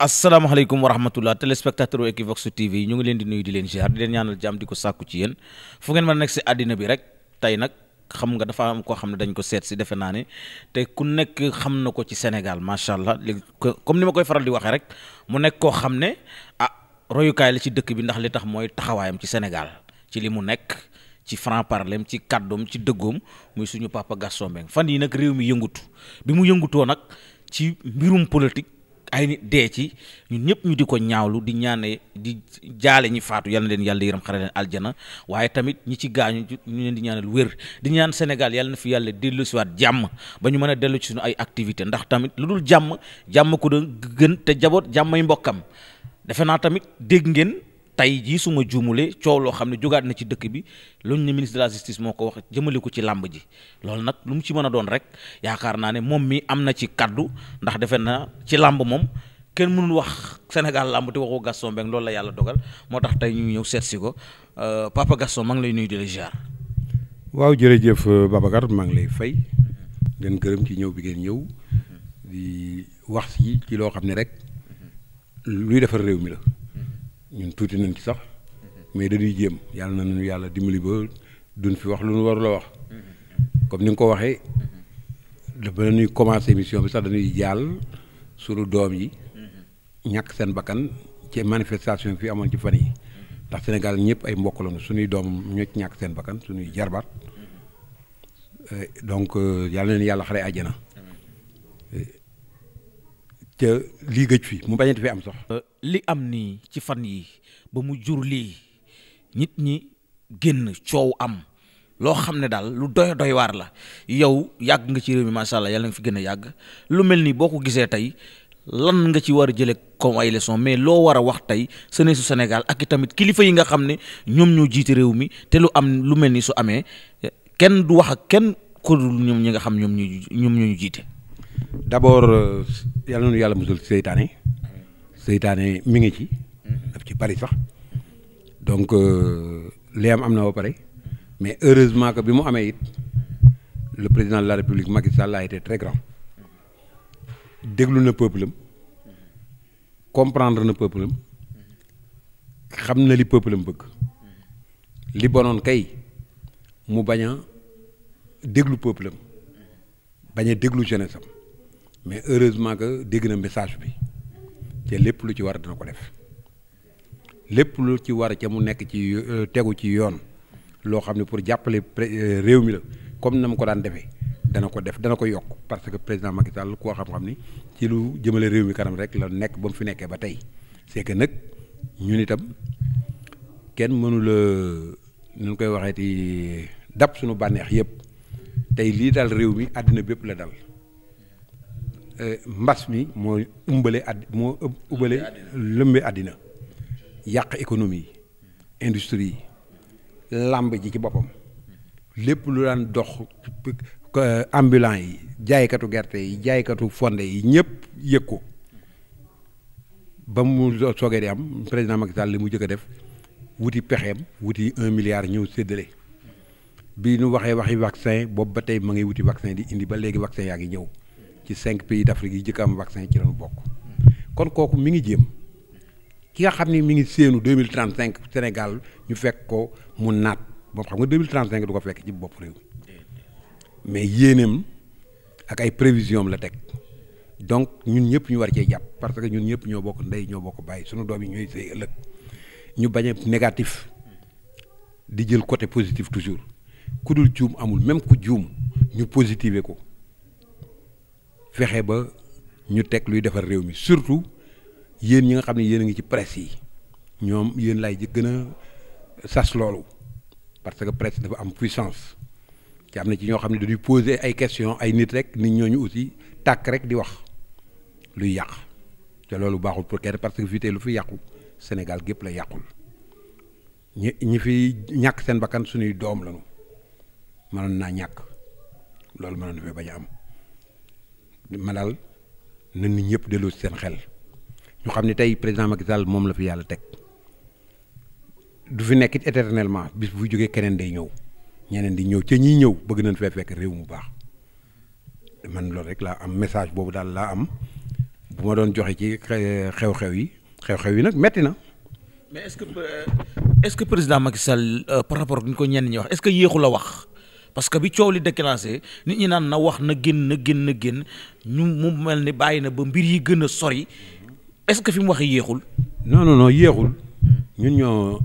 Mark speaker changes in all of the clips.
Speaker 1: asalaamaaleykum wa rahmatullah téléspectateur Equivox TV ñu ngi leen di nuyu di leen ziar di leen ñaanal jàmm di ko sàkku ci yéen fu ngeen mën a nekk si àddina bi rek tey nag xam nga dafa am koo xam ne dañ ko seet si defe naa ne te ku nekk xam na ko ci Sénégal macha allah léegi comme ni ma koy faral di waxee rek mu nekk koo xam ne ah royukaay la ci dëkk bi ndax li tax mooy taxawaayam ci Sénégal ci li mu nekk ci franc parler ci kàddoom ci dëggoom muy suñu papa Gaston fan yi nag réew mi yëngutu bi mu yëngutoo nag ci mbirum politique. ay nit dee ci ñun ñëpp ñu di ko ñaawlu di ñaane di jaale ñi faatu yal na leen yàlla yërëm xare leen aljana waaye tamit ñi ci gaañu ñu leen di ñaanal wér di ñaan Sénégal yal na fi yàlla dellu si waat jàmm ba ñu mën a dellu ci suñu ay activité ndax tamit lu dul jàmm jàmm ku doon gën te jaboot jàmmay mbokkam defe naa tamit dégg ngeen tey jii suma juumulee coow loo xam ne jogaat na ci dëkk bi luñ ne ministre de la justice moo ko wax jëmale ko ci làmb ji loolu nag lu mu ci mën a doon rek yaakaar naa ne moom mii am na ci kàddu ndax defe naa ci làmb moom kenn mënul wax Sénégal làmb te waxoo Gaston Mbengue loolu la yàlla dogal moo tax tey ñu ñëw seet si ko
Speaker 2: euh, papa Gaston maa lay nuyu di la waaw jërëjëf euh, Babacar maa ngi lay fay. ngeen mm-hmm. gërëm ci ñëw bi ngeen ñëw. Mm-hmm. di wax ci loo xam ne rek luy defar réew mi la. ñun tuuti nañ ci sax mais dañuy jéem yàlla na ñu yàlla dimbali ba duñ fi wax lu ñu waru wax comme ni nga ko waxee dafa la ñuy commencé émission bi sax dañuy jàll suñu doom yi ñàkk seen bakkan ci manifestation fi amoon ci fan yi ndax Sénégal ñëpp ay mbokk lañu suñuy doom ñoo ci ñàkk seen bakkan suñuy jarbaat donc yàlla leen yàlla xare àjjana ca lii gëj fi mu bañet fi am sax li am nii ci fan yi ba mu jur lii
Speaker 1: nit ñi génn coow am loo xam ne daal lu doy doy waar la yow yàgg nga ci réew mi macha allah yàlla nga fi gën a yàgg lu mel nii boo ko gisee tey lan nga ci war a jële comme ay leçon mais loo war a wax tey sene su Sénégal ak i tamit kilifa yi nga xam ne ñoom ñoo jiite réew mi te lu am lu mel ni su amee kenn du wax ak kenn ku dul ñoom
Speaker 2: ñi nga xam ñoom ñoo ñoom ñoo ñu jiite. d'abord euh, yàlla na yàlla musul ci seytaane seytaane mi ngi ci. daf ci bari sax donc euh, li am am na wa pare mais heureusement que bi mu amee it le président de la république Macky Sall a été très grand déglu na peuple am comprendre na peuple xam na li peuple am bëgg li bonoon kay mu bañ a déglu peuple am bañ a déglu jeunesse am mais heureusement que dégg na message bi. te lépp lu ci war a dana ko def lépp lu ci war a ca mu nekk ci euh, tegu ci yoon loo xam ne pour jàppale euh, réew mi la comme na mu ko daan defee dana ko def dana ko yokk parce que président Macky Sall koo xam-xam ni ci lu jëmale réew mi kanam rek la nekk ba mu fi nekkee ba tey c'est que nag ñun itam kenn mënula nu koy waxee waxeeti dab suñu bànneex yëpp tey lii daal réew mi àddina bépp la dal Euh, mbas mi moo umbale ad moo ubbale lëmbe àddina yàq économie yi industrie yi làmb ji ci boppam lépp lu daan dox ambulant yi jaaykatu gerte yi jaaykatu fonde yi ñëpp yëg ko ba mu soogee di am président Macky Sall li mu jëkk def wuti pexeem wuti un milliard ñëw séddale bi nu waxee waxi vaccin boobu ba tey ma ngi wuti vaccin di indi ba léegi vaccin yaa ngi ñëw ci cinq pays d'Afrique yi jëkk am vaccin ci lañu bokk kon kooku mi ngi jéem ki nga xam ni mi ngi séenu deux mille trente cinq Sénégal ñu fekk ko mu naat boobu xam nga deux mille trente du ko fekk ci bopp réew mais yéeneem ak ay prévision la teg donc ñun ñëpp ñu war cee jàpp parce que ñun ñëpp ñoo bokk ndey ñoo bokk bàyyi sunu doom yi ñooy sëy ëllëg ñu bañ a négatif di jël côté positif toujours ku dul juum amul même ku juum ñu positiver ko fexe ba ñu teg luy defar réew mi surtout yéen ñi nga xam ne yéen a ngi ci presse yi ñoom yéen laay ji gën a sas loolu parce que presse dafa am puissance ci am na ci ñoo xam ne dañuy poser ay question ay nit rek nit ñooñu aussi tàkk rek di wax luy yàq te loolu baaxul pour kenn parce que fii tey lu fi yàqu Sénégal gépp la yàqul ñi ñi fi ñàkk seen bakkan suñuy doom lañu mënoon naa ñàkk loolu mënoon na fi bañ a am ma daal na nit ñëpp delloo si seen xel ñu xam ne tey président Macky Sall moom la fi yàlla teg du fi nekk éternellement bis bu jógee keneen day ñëw ñeneen di ñëw ca ñiy ñëw bëgg nañ fee fekk réew mu baax man loolu rek laa am message boobu daal laa am bu ma doon joxe ci xew-xew yi xew-xew yi nag metti na.
Speaker 1: mais est-ce que euh,
Speaker 2: que président Macky
Speaker 1: Sall euh, par rapport ak ni ko ñenn ñi wax est-ce que yéexu la wax. parce que bi coow li déclenché nit ñi naan na wax na génn na génn na génn mu mel ni bàyyi na ba mbir yi gën a sori est-ce que fi mu waxee yéexul.
Speaker 2: non non yéexul ñun ñoo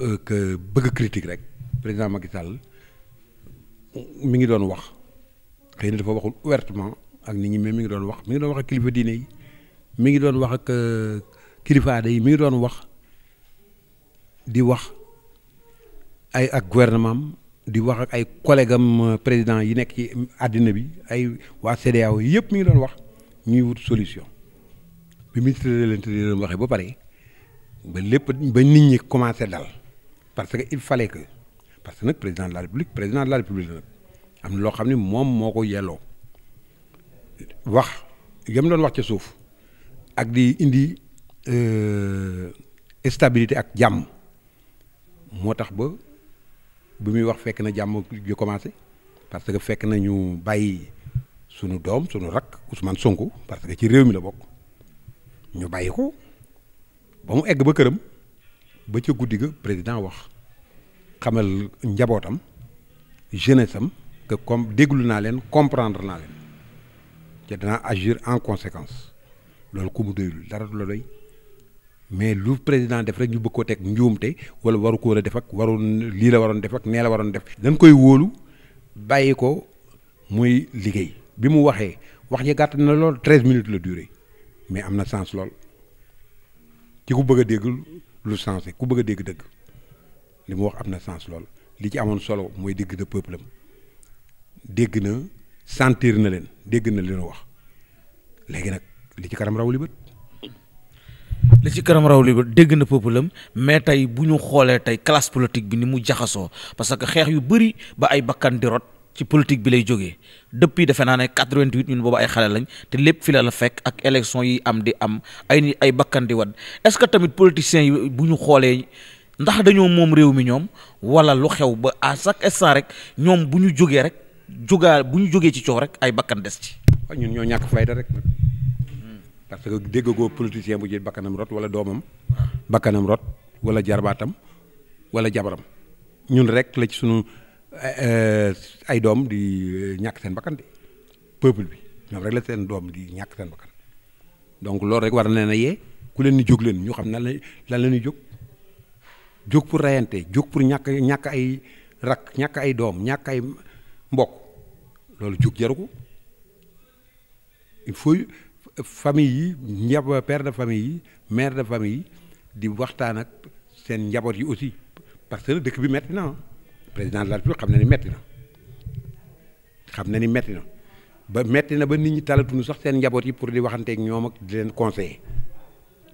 Speaker 2: euh, bëgg critique rek président Macky Sall mi ngi doon wax xëy na dafa waxul ouvertement ak ni ñi mais mi ngi doon wax mi ngi doon wax ak kilifa diine yi mi ngi doon wax ak euh, kilifaade yi mi ngi doon wax di wax ay ak gouvernement di wax ak ay collègue am euh, président yi nekk ci àddina bi ay waa CEDEAO yëpp mi ngi doon wax ñuy wut solution bi ministre de l'intérieur waxee ba pare ba lépp ba nit ñi commencé dal parce que il fallait que parce que nag président de la république président de la république nag am loo xam ne moom moo ko yelloo wax yam doon wax ca suuf ak di indi euh, stabilité ak jàmm moo tax ba. bi muy wax fekk na jàmm ju commencé parce que fekk na ñu bàyyi sunu doom sunu rak Ousmane Sonko parce que ci réew mi la bokk ñu bàyyi ko ba mu egg ba këram ba ca guddi ga président wax xamal njabootam jeunesse am que comme déglu naa leen comprendre naa leen te danaa agir en conséquence loolu ku mu doyul dara du mais lu président def rek ñu bëgg koo teg njuumte wala waru ko war a def ak waru lii la waroon def ak nee la waroon def. dañ koy wóolu bàyyi ko muy liggéey bi mu waxee wax ji gàtt na lool treize minutes la durée mais am na sens lool ci ku bëgg a dégg lu sensé ku bëgg a dégg dëgg li mu wax am na sens lool li ci amoon solo mooy dégg na peuple am dégg na sentir na leen dégg na leen wax léegi nag li ci kanam raw li
Speaker 1: li ci kanam raw li dégg na peuple am mais tey bu ñu xoolee tey classe politique bi ni mu jaxasoo parce que xeex yu bëri ba ay bakkan di rot ci politique bi lay jógee depuis defe naa ne 88 ñun boobu ay xale lañ te lépp fi la fekk ak élection yi am di am ay ni ay bakkan di wadd est-ce que tamit politiciens yi bu ñu xoolee ndax dañoo moom réew mi ñoom wala lu xew ba à chaque instant rek ñoom bu ñu jógee rek jógaa bu ñu jógee ci
Speaker 2: coow rek ay bakkan des ci. ñun ñoo ñàkk fayda rek. parce que déggagoo politicien bu jël bakkanam rot wala doomam bakkanam rot wala jarbaatam wala jabaram ñun rek la ci sunu eh, eh, ay doom di eh, ñàkk seen bakkan de peuple bi ñoom rek la seen doom di ñàkk seen bakkan donc loolu rek war a leen a yee ku leen ni jóg leen ñu xam na la lan la ñuy jóg jóg pour rayante jóg pour ñàkk ñàkk ay rak ñàkk ay doom ñàkk ay mbokk loolu jóg jaru ko famille yi njab père de famille yi mère de famille di waxtaan ak seen njaboot yi aussi parce que dëkk bi metti na président de la République xam na ni metti na xam na ni metti na ba metti na ba nit ñi talatuñu sax seen njaboot yi pour di waxanteek ñoom ak di leen conseiller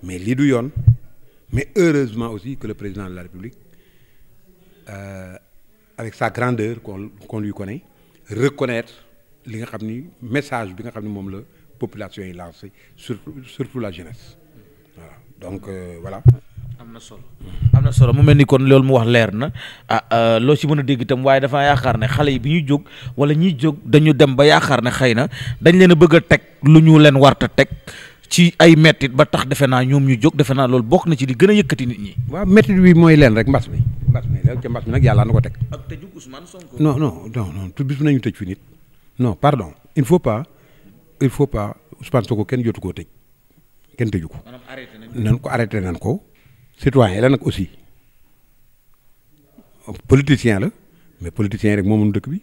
Speaker 2: mais lii du yoon mais heureusement aussi que le président de la République euh, avec sa grandeur qu'on qu'on lui reconnaître li nga xam ni message bi nga xam ni moom la population yi lancé surtout surtout la jeunesse voilà donc euh, voilà. am na solo am na solo mu mel ni
Speaker 1: kon loolu mu wax leer na ah euh, loo si mën a dégg itam waaye dafa yaakaar ne xale yi bi ñuy jóg wala ñuy jóg dañu dem ba yaakaar ne xëy na dañ leen a bëgg a teg lu ñu leen warta teg ci ay mettit ba tax
Speaker 2: defe naa ñoom ñu jóg defe naa loolu bokk na ci di gën a yëkkati nit ñi. waaw mettit wi mooy leen rek mbas mi mbas mi léegi ca nag yàlla na ko teg. ak tëju Ousmane Sonko. non non non nañu tëj fi nit il faut pas Ousmane Sonko kenn jotu koo tëj kenn tëju ko. nan ko arrêté nan ko. citoyen la nag aussi politicien la mais politicien rek moo mën dëkk bi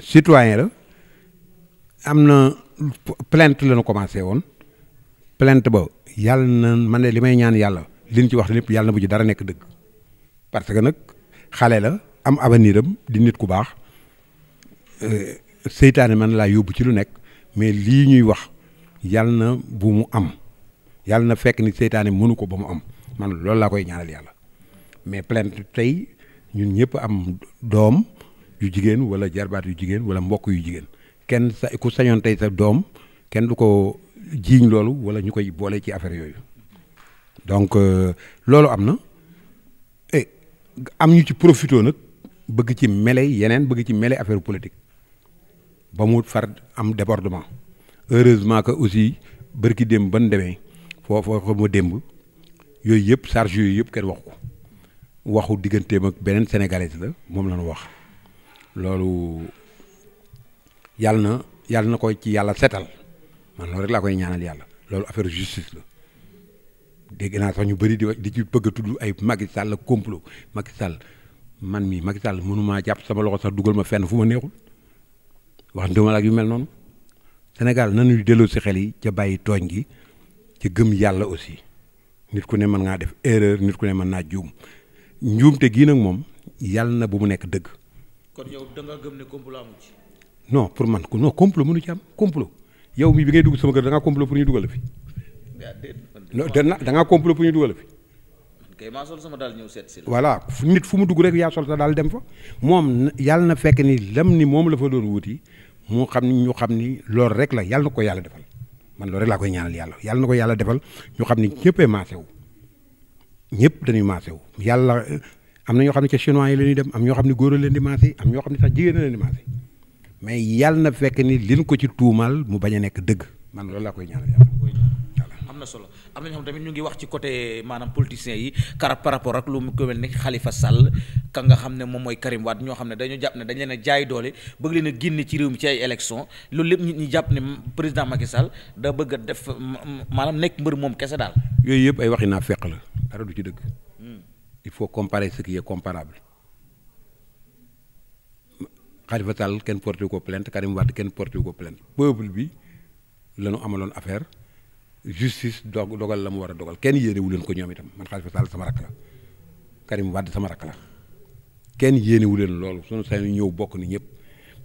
Speaker 2: citoyen la am na plainte la ñu commencé woon plainte ba yàlla na man de li may ñaan yàlla liñ ci wax lépp yàlla na bu ci dara nekk dëkk parce que nag xale la am avenir am di nit ku baax euh, seytaane man laa yóbbu ci lu nekk mais lii ñuy wax yàlla na bu am yàlla na fekk ni seytaane mënu ko ba mu am man loolu laa koy ñaanal yàlla mais plainte tey ñun ñëpp am doom yu jigéen wala jarbaat yu jigéen wala mbokk yu jigéen kenn sa ku sañoon tey sa doom kenn du ko jiiñ loolu wala ñu koy boolee ci affaire yooyu donc euh, loolu am na eh, am ñu ci profité nag bëgg ci mele yeneen bëgg ci mele affaire politique ba mu far am débordement heureusement que aussi bërki démb ban demee foofu ko ma démb yooyu yëpp charge yooyu yëpp kenn wax ko waxu digganteem ak beneen sénégalais la moom la ñu wax loolu yàlla na yàlla na ko ci yàlla setal man loolu rek laa koy ñaanal yàlla loolu affaire justice la dégg naa sax ñu bari di di ci bëgg a tudd ay Macky Sall complot Macky Sall man mii Macky Sall mënumaa jàpp sama loxo sax dugal ma fenn fu ma neexul wax dëgg ak yu mel noonu Sénégal nañu delloo si xel yi ca bàyyi tooñ gi ci gëm yàlla aussi nit ku ne mën ngaa def erreur nit ku ne mën naa juum njuumte gii nag moom yàlla na bu mu nekk dëgg. kon yow da nga gëm ne complot amu ci. non pour man non complot am complot yow mii bi ngay dugg sama kër da pour ñu dugal fi. da ngaa complot pour ñu dugal fi.
Speaker 1: kay sama daal ñëw
Speaker 2: nit fu mu dugg rek yaa sol sa daal dem fa moom yàlla na fekk ni lam ni moom la fa doon wuti moo xam ni ñu xam ni lool rek la yàlla na ko yàlla defal man loolu rek laa koy ñaanal yàlla yàlla na ko yàlla defal ñu xam ni ñëppee maase wu ñëpp dañuy maase wu yàlla am na ñoo xam ne ca chinois la ñuy dem am ñoo xam ne góor leen di maase am ne sax jigéen leen di maase mais yàlla na fekk ni ko ci tuumaal mu bañ nekk dëgg man loolu laa koy ñaanal yàlla.
Speaker 1: am na solo am na tamit ñu ngi wax ci côté maanaam politiciens yi car par rapport ak lu mu ko mel ne Khalifa Sall kan nga xam ne moom mooy Karim Wade ñoo xam ne dañoo jàpp ne dañ leen a jaay doole bëgg leen a génne ci réew mi ci ay élection lépp nit jàpp ne président Macky Sall da bëgg a def maanaam nekk mbër moom
Speaker 2: kese daal. yooyu yëpp ay waxi naa feq la dara du ci dëgg. Hmm. il faut comparer ce qui est comparable. Khalifa Sall kenn porté ko plainte Karim Wade kenn porté ko plainte peuple bi la ñu amaloon affaire justice dogal la mu war a dogal kenn yéene wu leen ko ñoom itam man Khalifa Sall sama rakk la Karim Wade sama rakk kenn yéenewu leen loolu sunu saa yu ñëw bokk ni ñëpp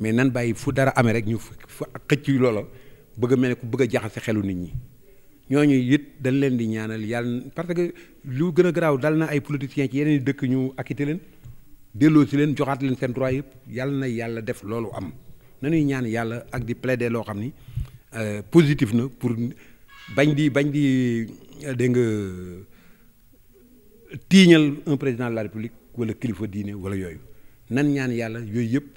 Speaker 2: mais nan bàyyi fu dara amee rek ñu fa xëcc loola bëgg a ku bëgg a jaxase xelu nit ñi ñoo ñooñu it dañ leen di ñaanal yàlla parce que lu gën a garaaw dal na ay politiciens ci yeneen dëkk ñu acquitté leen delloo si leen joxaat leen seen droit yëpp yàlla na yàlla def loolu am nañuy ñaan yàlla ak di plaider loo xam ni euh, positif na pour bañ di bañ di euh, dégg nga tiiñal un président de la république. wala kilifa diine wala yooyu nan ñaan yàlla yooyu yëpp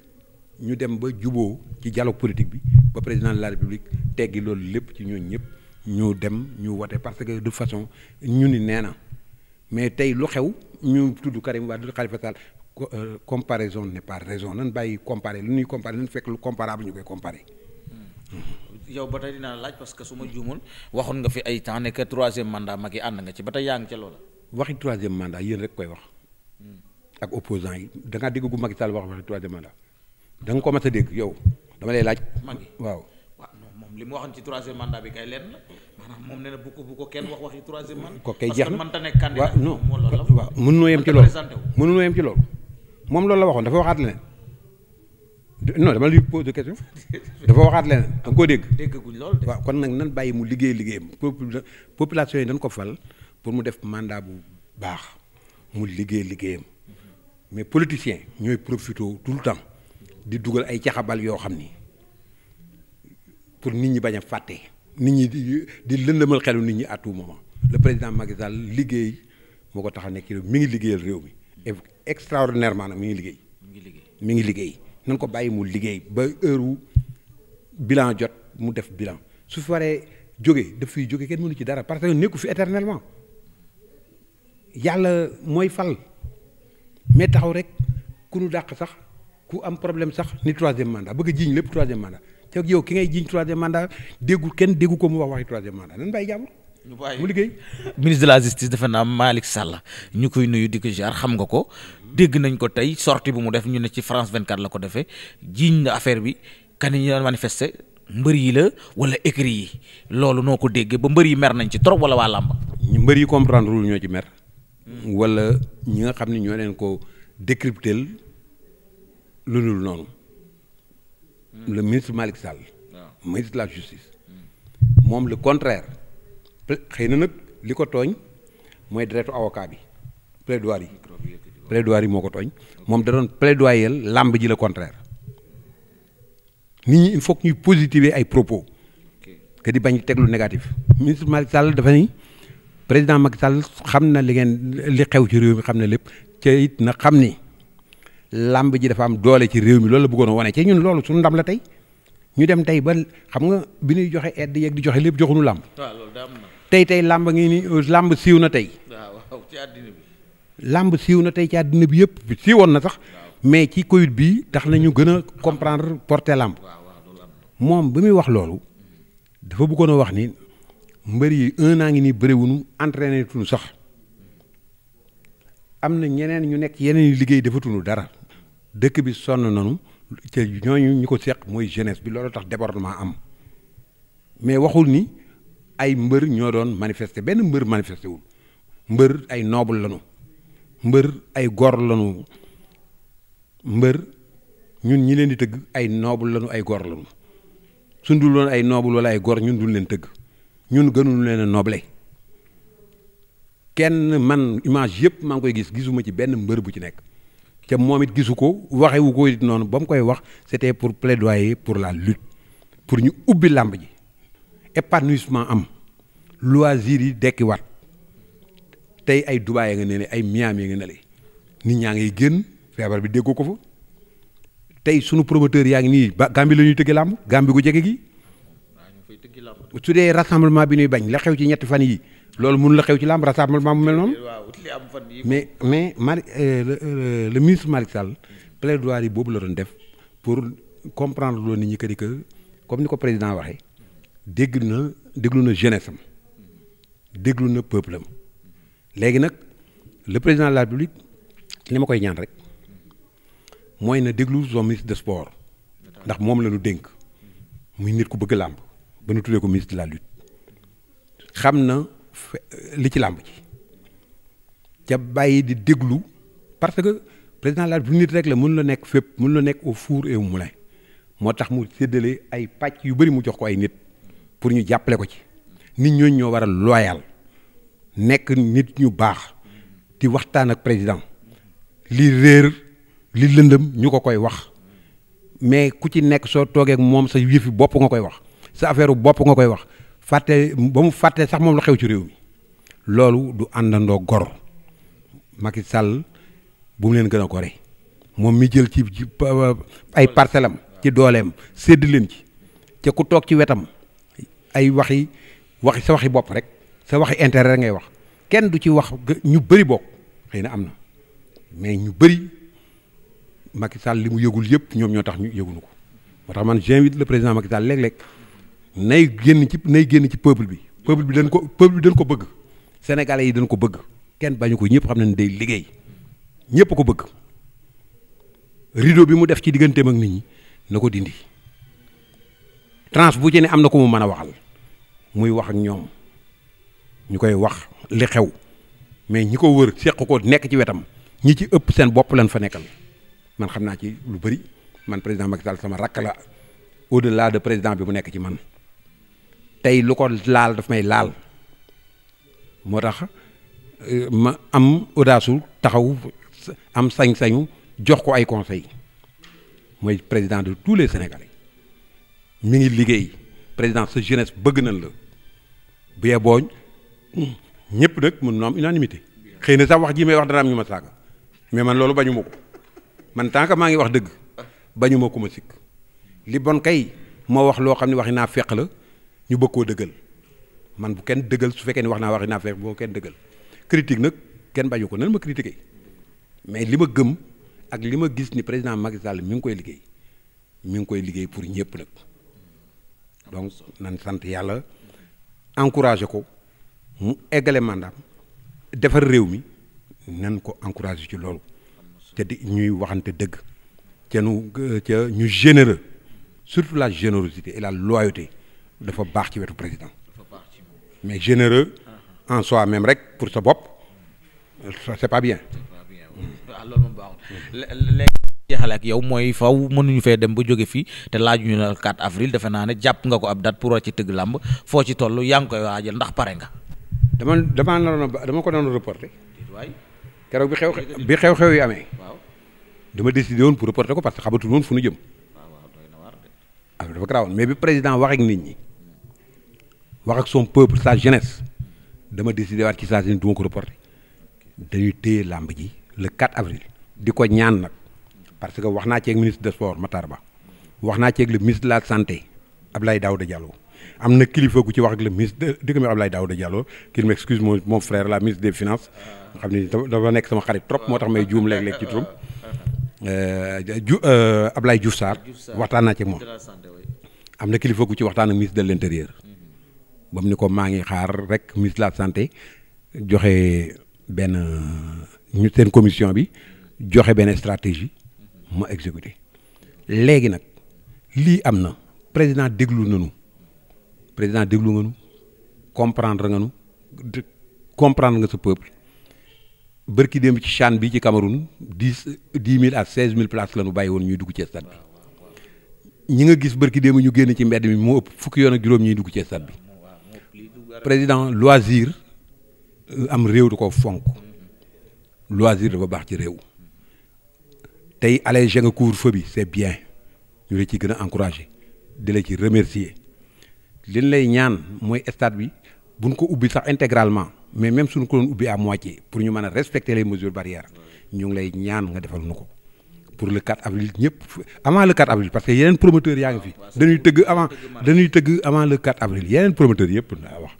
Speaker 2: ñu dem ba juboo ci dialogue politique bi ba président de la république teggi loolu lépp ci ñooñu ñëpp ñu dem ñu wote parce que du toute façon ñu ni nee na mais tey lu xew ñu tudd Karim Wade Khalifa Sall euh, comparaison n'est pas raison nan bàyyi comparer lu ñuy comparer nan fekk lu comparable ñu koy comparer.
Speaker 1: Hmm. yow ba tey dinaa laaj parce que su ma juumul waxoon nga fi ay temps ne que troisième mandat Macky ànd nga ci ba tey yaa ngi ca loola.
Speaker 2: waxi troisième mandat yéen rek koy wax. ak opposants yi da ngaa dégg gu Macky Sall wax waxi troisième mandat da nga ko mas dégg yow dama lay laaj. Macky waaw.
Speaker 1: waaw non moom li mu waxoon ci troisième mandat bi kay lenn moom na bu ko ko kenn wax waxi troisième mandat. ko kay jeex na parce que mënta nekk candidat. non waaw mënuñoo yem ci loolu
Speaker 2: mënuñoo yem ci loolu. moom loolu la waxoon dafa waxaat leneen non dama lay pose question dafa waxaat leneen da nga koo dégg. déggaguñ loolu waaw kon nag nan bàyyi mu liggéey liggéeyam population yi dañ ko fal pour mu def mandat bu baax mu liggéey liggéeyam. mais politiciens ñooy profité tout le temps di dugal ay jaxabal yoo xam ni pour nit ñi bañ a fàtte. nit ñi di di lëndëmal xelu nit ñi à tout moment le président Macky Sall liggéey moo ko tax a nekk mi ngi liggéeyal réew mi et extraordinairement nag mi ngi liggéey. mi ngi liggéey nañ ko bàyyi mu liggéey ba heure bilan jot mu def bilan su fi waree jóge daf fiy jóge kenn mënu ci dara parce que nekku fi éternellement yàlla mooy fal. mais taxaw rek ku nu dàq sax ku am problème sax ni troisième mandat bëgg jiiñ lépp troisième mandat te yow ki ngay jiiñ troisième mandat déggul kenn déggu ko mu wax waxi troisième mandat nan bàyyi jàmbur
Speaker 1: mu liggéey ministre de la justice defe naa Malick Sall ñu koy nuyu di ko jaar xam nga ko dégg nañ ko tey sortie bu mu def ñu ne ci France 24 la ko defee jiiñ na affaire bi kan yi ñu doon mbër yi la wala écrit yi loolu noo ko déggee ba mbër yi mer nañ ci trop wala waa
Speaker 2: làmb mbër yi comprendre wul ñoo ci wala ñi nga xam ne ñoo leen ko décryptel lu dul noonu. Hmm. le ministre Malick Sall. Ah. la justice. moom le contraire. xëy na nag li ko tooñ mooy deretu avocat bi plaidoirie yi. plaidoirie yi moo ko tooñ moom da doon plaidoyer làmb ji le contraire. nit ñi il faut que ñuy positiver ay propos. que di bañ teg lu négatif. ministre Malick Sall dafa ni. président Macky Sall xam na li ngeen li xew ci réew mi xam na lépp ca it na xam ni làmb ji dafa am doole ci réew mi loolu la bëggoon a wane ci ñun loolu suñu ndam la tey ñu dem tey ba xam nga bi ñuy joxe aide yeeg di joxe lépp joxuñu làmb. Ah, tey tey làmb ngi ni làmb siiw na tey.
Speaker 1: Ah, ci àddina bi.
Speaker 2: làmb siiw na tey ci àddina bi yëpp siiwoon na sax mais ci Covid bii tax na ñu gën a comprendre porté làmb moom bi muy wax loolu dafa bëggoon wax ni. mbër yi un ngi nii bëriwunu entraîné tuñu sax am na ñeneen ñu nekk yeneen liggéey defatuñu dara dëkk bi sonn nañu te ñooñu ñu ko seq mooy jeunesse bi loolu tax débordement am mais waxul ni ay mbër ñoo doon manifester benn mbër manifester wul mbër ay noble lañu mbër ay góor lañu mbër ñun ñi leen di tëgg ay noble lañu ay gor lañu suñ dul woon ay noble wala ay góor ñun dul leen tëgg. ñun gënuñu leen a noble kenn man image yëpp maa ngi koy gis gisuma ci benn mbër bu ci nekk te moom it gisu ko waxewu ko it noonu ba mu koy wax c'était pour plaidoyer pour la lutte pour ñu ubbi làmb ji épanouissement am loisir yi dekkiwaat tey ay Dubaay nga ne ay Miami nga ne nit ñaa ngi génn feebar bi déggoo ko fa tey sunu promoteur yaa ngi nii ba Gambie la ñuy tëggee làmb Gambie gu jege gi su dee rassemblement bi ñuy bañ la xew ci ñetti fan yi loolu mun la xew ci làmb rassemblement bu mel noonu mais mais Mari euh, le ministre Malick Sall plaidoirie boobu la doon def pour comprendre loolu nit ñi que ni que comme ni ko président waxee dégg na déglu na jeunesse déglu na peuple am léegi nag le président de la République li ma koy ñaan rek mooy na déglu son ministre de sport ndax moom la ñu dénk muy nit ku bëgg làmp ba ñu tuddee ko ministre de la lutte xam na li ci làmb ci ca bàyyi di déglu parce que président la bu nit rek la mën na nekk fépp mën na nekk au four et au moulin moo tax mu séddale ay pàcc yu bëri mu jox ko ay nit pour ñu jàppale ko ci nit ñooñ ñoo war loyal nekk nit ñu baax di waxtaan ak président li réer li lëndëm ñu ko koy wax mais ku ci nekk soo toogee moom sa yëfi bopp nga koy wax sa affaire bopp nga koy wax fàtte ba mu fàtte sax moom la xew ci réew mi loolu du àndandoo gor Macky Sall bu mu leen gën a gore moom mi jël ci ay parcelle am ci dooleem sédd leen ci ca ku toog ci wetam ay waxi waxi sa waxi bopp rek sa waxi intérêt ngay wax kenn du ci wax ñu bëri bokk xëy na am na mais ñu bëri Macky Sall li mu yëgul yëpp ñoom ñoo tax ñu yëgunu ko moo tax man j'invite le président Macky Sall lekk nay génn ci nay génn ci peuple bi peuple bi dañ ko peuple bi dañ ko bëgg sénégalais yi dañ ko bëgg kenn bañu ko ñëpp xam nañ day liggéey ñëpp ko bëgg rideau bi mu def ci digganteem ak nit ñi na ko dindi trans bu ci am na ko mu mën a waxal muy wax ak ñoom ñu koy wax li xew mais ñi ko wër seq ko nekk ci wetam ñi ci ëpp seen bopp lañ fa nekkal man xam naa ci lu bëri man président Macky Sall sama rakk la au laa de président bi mu nekk ci man tey lu ko laal dafa may laal moo tax euh, ma am audace taxaw am sañ-sañu jox ko ay conseil mooy président de tous les sénégalais mu ngi liggéey président sa jeunesse bëgg nañ la bu yeboo ñëpp nag mën na am unanimité xëy na sax wax ji may wax dana am ñu ma saaga mais man loolu bañu ma ko man tant que maa ngi wax dëgg bañu ma ko ma sikk li bon kay moo wax loo xam ne waxi naa feq la ñu bëgg koo dëggal man bu kenn dëggal su fekkee ni wax naa waxi naa fexe boo kenn dëggal critique nag kenn bañu ko nan ma critiquer mais li ma gëm ak li ma gis ni président Macky Sall mi ngi koy liggéey mi ngi koy liggéey pour ñëpp nag donc nan sant yàlla encouragé ko mu eggale defar réew mi nan ko encouragé ci loolu te di ñuy waxante dëgg ca nu ca ñu généreux surtout la générosité et la loyauté dafa baax ci wetu président mais généreux ah. en soi même rek pour sa bopp c'est pas bien.
Speaker 1: waaw ah, loolu moom baaxul léegi ak yow mooy faw mënuñu fee dem ba jóge fii te laajuñu la 4 avril defe naa ne jàpp nga ko ab dat pour ci tëgg làmb foo ci tollu yaa ngi koy waajal ndax pare nga. dama
Speaker 2: dama naroon dama ko doon reporté. waay keroog bi xew bi xew-xew yi amee. waaw dama décidé woon pour reporté ko parce que xamatul woon fu nu jëm. waaw
Speaker 1: waaw
Speaker 2: doy na ah, mais bi président wax nit ñi. wax ak son peuple sa jeunesse dama décidé waat ci saa si ne du ma ko reporté dañuy téye làmb ji le 4 avril. di ko ñaan nag parce que wax naa ci ministre de sport Matar Ba wax naa ci ak le ministre de la santé Abdoulaye de Diallo am na kilifa gu ci wax ak le ministre di ko mi Abdoulaye Daouda Diallo kii ma excuse mon la ministre de finances xam ni dafa nekk sama xarit trop moo tax may juum léeg-léeg ci turam ju euh, euh, Abdoulaye Diouf Sarr waxtaan naa ci ak moom am na kilifa gu ci waxtaan ak ministre de l'intérieur ba ni ko maa ngi xaar rek ministre de la santé joxe benn ñu seen commission bi joxe benn stratégie mu exécuté léegi nag lii am na président déglu nanu président déglu nga nu comprendre nga nu comprendre nga sa peuple bërki dem ci CHAN bi ci Cameroun dix dix mille à seize mille places la bàyyi woon ñuy dugg ci stade bi ñi nga gis bërki dem ñu génn ci mbedd mi mu ëpp fukki yoon ak juróom ñuy dugg ci stade bi. président loisir euh, am réew da ko fonk loisir dafa baax ci réew tey allégé nga couvre-feu bi c'est bien ñu la ci gën a encouragé di la ci remercier li lay ñaan mooy stade bi buñ ko ubbi sax intégralement mais même suñ ko doon ubbi à moitié pour ñu mën a respecter les mesures barrières ñu ngi lay ñaan nga defal nu ko pour le 4 avril ñëpp avant le 4 avril parce que yeneen promoteur yaa ngi fi ah, dañuy tëgg avant dañuy tëgg avant le 4 avril yeneen promoteur yëpp naa wax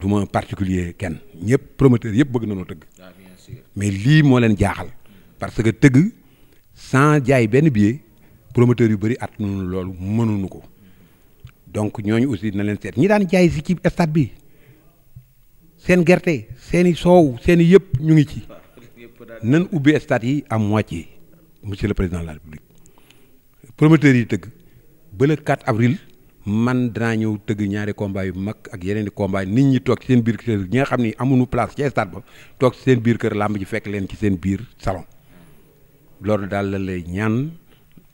Speaker 2: du ma particulier kenn ñëpp promoteur yëpp bëgg nañoo tëgg ah, mais lii moo leen jaaxal parce que tëgg sans jaay benn billet promoteur yu bëri at nañu loolu mënuñu ko donc ñooñu aussi na leen seet ñi daan jaay si ci stade bi seen gerte seen i soow seen i yëpp ñu ngi ci nan ubbi stade yi à moitié monsieur le président la république promoteurs yi tëgg ba le 4 man danaa ñëw tëgg ñaari combat yu mag ak yeneen i combat nit ñi toog ci seen biir kër ñi nga xam ni amuñu place ci stade ba toog ci seen biir kër làmb ji fekk leen ci seen biir salon loolu daal la lay ñaan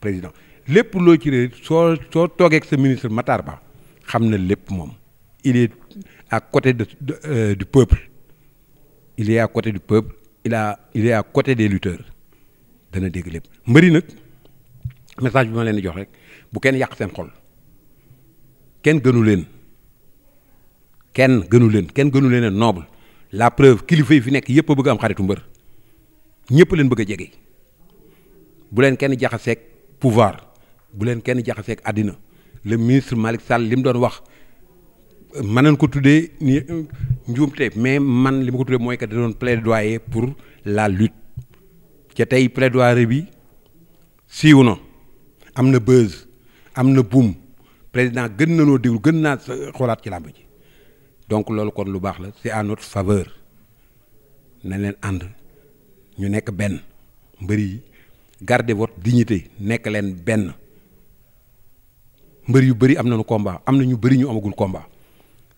Speaker 2: président lépp loo ci réer soo soo toogeek ak sa ministre Matar Ba xam na lépp moom il est à côté de euh, du peuple il est à côté du peuple il a il est à côté des lutteurs dana dégg lépp mbëri nag message bi ma leen di jox rek bu kenn yàq seen xol. kenn gënu leen kenn gënu leen kenn gënu leen a noble la preuve kilifa yi fi nekk yëpp a bëgg am xaritu mbër ñëpp leen bëgg a jege bu leen kenn jaxaseeg pouvoir bu leen kenn jaxaseeg àddina le ministre Malick Sall lim doon wax mën nañ ko tuddee ni njuumte mais man li ma ko tuddee mooy que da doon plaidoyer pour la lutte ca tey plaidoyer bi siiw na am na buzz am na buum. président gën nanoo déglu gën naa xoolaat ci làmb ji donc loolu kon lu baax la c'est à notre faveur na leen ànd ñu nekk benn mbër yi gardez votre dignité nekk leen benn mbër yu bëri am nañu combat am na ñu bëri ñu amagul komba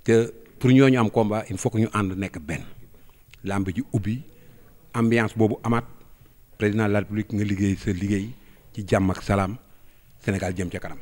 Speaker 2: te pour ñooñu am combat il faut que ñu ànd nekk benn làmb ji ubbi ambiance boobu amaat président de la république nga liggéey sa liggéey ci jàmm ak salaam Sénégal jëm ca kanam.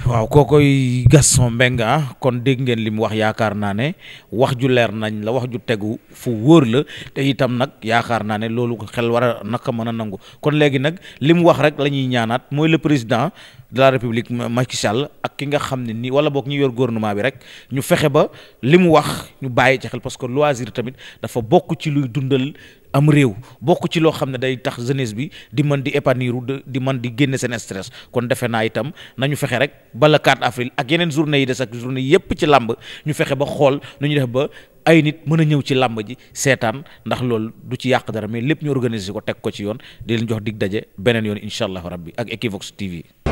Speaker 2: waaw kookoy
Speaker 1: Gaston Mbengue ah, kon dégg ngeen li mu wax yaakaar naa ne wax ju leer nañ la wax ju tegu fu wóor la te itam nag yaakaar naa ne loolu xel war a naka mën a nangu kon léegi nag li mu wax rek la ñuy ñaanaat mooy le président de la république Macky ak ki nga xam ne nii wala boog ñu yor gouvernement bi rek ñu fexe ba li mu wax ñu bàyyi ci xel parce que loisir tamit dafa bokk ci luy dundal. am réew bokk ci loo xam ne day tax jeunesse bi di mën di épanouir di mën di génne seen kon defe naa itam nañu fexe rek. ba le 4 ak yeneen journée yi des ak journée yépp ci làmb ñu fexe ba xool nañu ñu def ba ay nit mën a ñëw ci làmb ji seetaan ndax loolu du ci yàq dara mais lépp ñu organiser ko teg ko ci yoon di leen jox dig daje beneen yoon incha allahu rabbi ak Equivox TV.